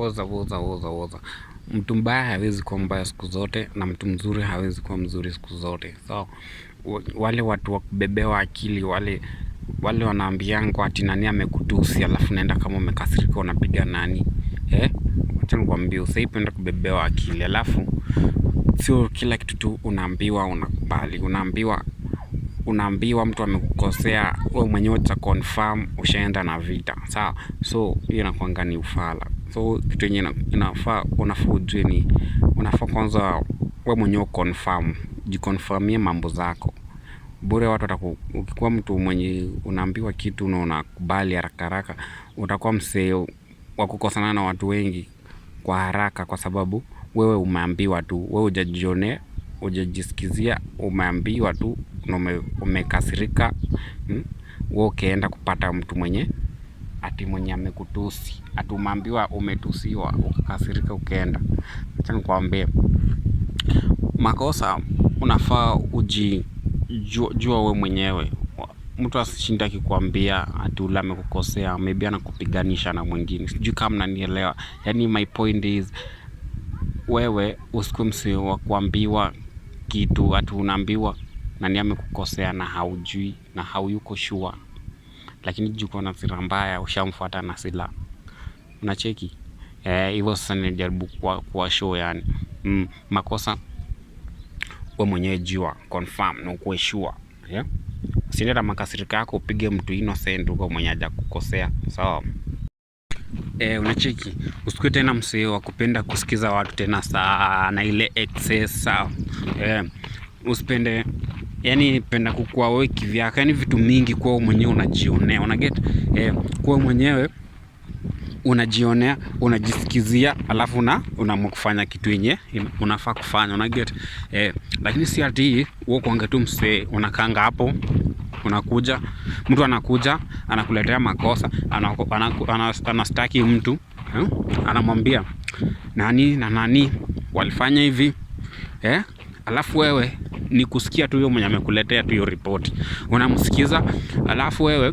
oza woza woza woza. Mtu mbaya hawezi kuwa mbaya siku zote na mtu mzuri hawezi kuwa mzuri siku zote. So wale watu wa kubebewa akili wale wale wanaambiangwa ati nani amekutusi alafu naenda kama umekasirika unapiga nani eh? Wacha nikwambie usaipenda kubebewa akili alafu sio kila kitu tu unaambiwa unakubali, unaambiwa unaambiwa mtu amekukosea, wewe mwenyewe uta confirm ushaenda na vita sawa. So hiyo inakuanga ni ufala. So kitu yenye inafaa unafaa ujue ni unafaa kwanza wewe mwenyewe confirm, jikonfirmie mambo zako bure watu wataku, ukikuwa mtu mwenye unaambiwa kitu na unakubali haraka haraka, utakuwa msee wa kukosana na watu wengi kwa haraka, kwa sababu wewe umeambiwa tu, wewe hujajionea ujajisikizia umeambiwa tu na umekasirika hmm? wewe, hmm? ukienda kupata mtu mwenye ati mwenye amekutusi ati umeambiwa umetusiwa ukakasirika ukaenda. Acha nikwambie makosa unafaa ujijua we mwenyewe. Mtu asishinda akikwambia ati ule amekukosea, maybe anakupiganisha na mwingine, sijui kama mnanielewa. Yani my point is, wewe usikuwe wa kuambiwa kitu ati unaambiwa nani amekukosea na haujui na hauyuko shua lakini juu na sira mbaya ushamfuata na sila unacheki eh, hivyo. sasa nijaribu kwa, kwa show yani mm, makosa we mwenyewe jua confirm na ukuwe shua yeah? makasirika yako upige mtu innocent huko mwenye hajakukosea sawa. So, E, unacheki usikue tena msee wa kupenda kusikiza watu tena sana, ile excess e, usipende yani penda kukua wewe kivyako, yani vitu mingi kwa mwenyewe unajionea, una get e, kwa mwenyewe unajionea unajisikizia, alafu na unaamua kufanya kitu yenye unafaa kufanya, una get eh, lakini si ati wewe kuanga tu msee unakanga hapo kunakuja mtu anakuja anakuletea makosa anaku, anaku, anastaki mtu eh? Anamwambia nani na nani walifanya hivi eh? Alafu wewe ni kusikia tu hiyo mwenye amekuletea tu hiyo ripoti, unamsikiza alafu wewe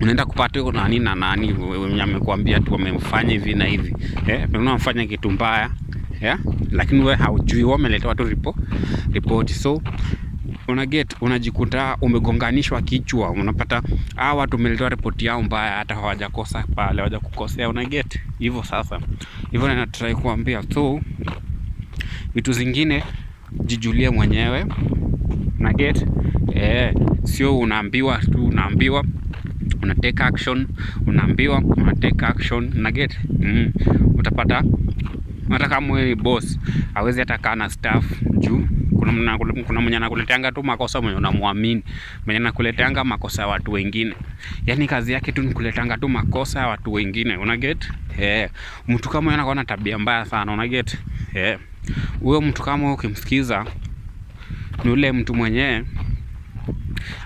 unaenda kupata huko nani na nani mwenye amekuambia tu amemfanya hivi na hivi eh, pengine amfanya kitu mbaya yeah? Lakini wewe haujui, wameletewa tu ripoti so una get unajikuta umegonganishwa kichwa, unapata hawa watu umeletewa ripoti yao mbaya, hata hawajakosa pale, hawajakukosea. Una get hivyo? Sasa hivyo try kuambia so vitu zingine jijulie mwenyewe na get eh, sio unaambiwa tu, unaambiwa una take action, unaambiwa una take action na get mm. Utapata hata kama wewe boss hawezi hata kaa na staff juu kuna, kuna mwenye anakuleteanga tu makosa mwenye unamwamini, mwenye anakuleteanga makosa ya watu wengine, yani kazi yake tu ni nikuletanga tu makosa ya watu wengine, una get eh? Mtu kama yeye anakuwa na tabia mbaya sana, una get eh? Huyo mtu kama ukimsikiza, ni ule mtu mwenyewe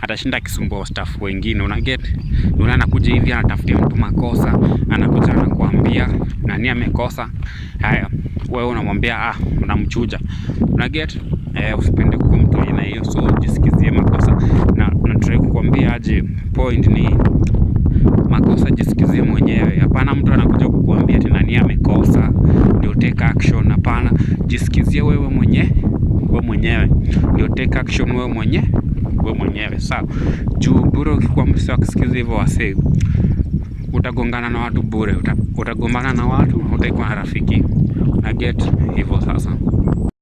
atashinda kisumbua staff wengine, una get? Yule anakuja hivi anatafutia mtu makosa, anakuja anakuambia nani amekosa. Haya, wewe unamwambia ah, unamchuja, una get? eh, usipende mtu aina hiyo, so jisikizie makosa na natrai kukwambia aje, point ni makosa jisikizie mwenyewe. Hapana mtu anakuja kukuambia tena nani amekosa ndio take action. Hapana, jisikizie wewe mwenye wewe mwenyewe ndio take action, wewe mwenye wewe mwenyewe sawa. Juu bure ukikuwa mtu akisikiza hivyo wase, utagongana na watu bure, utagombana na watu, utaikuwa na rafiki na get hivyo sasa.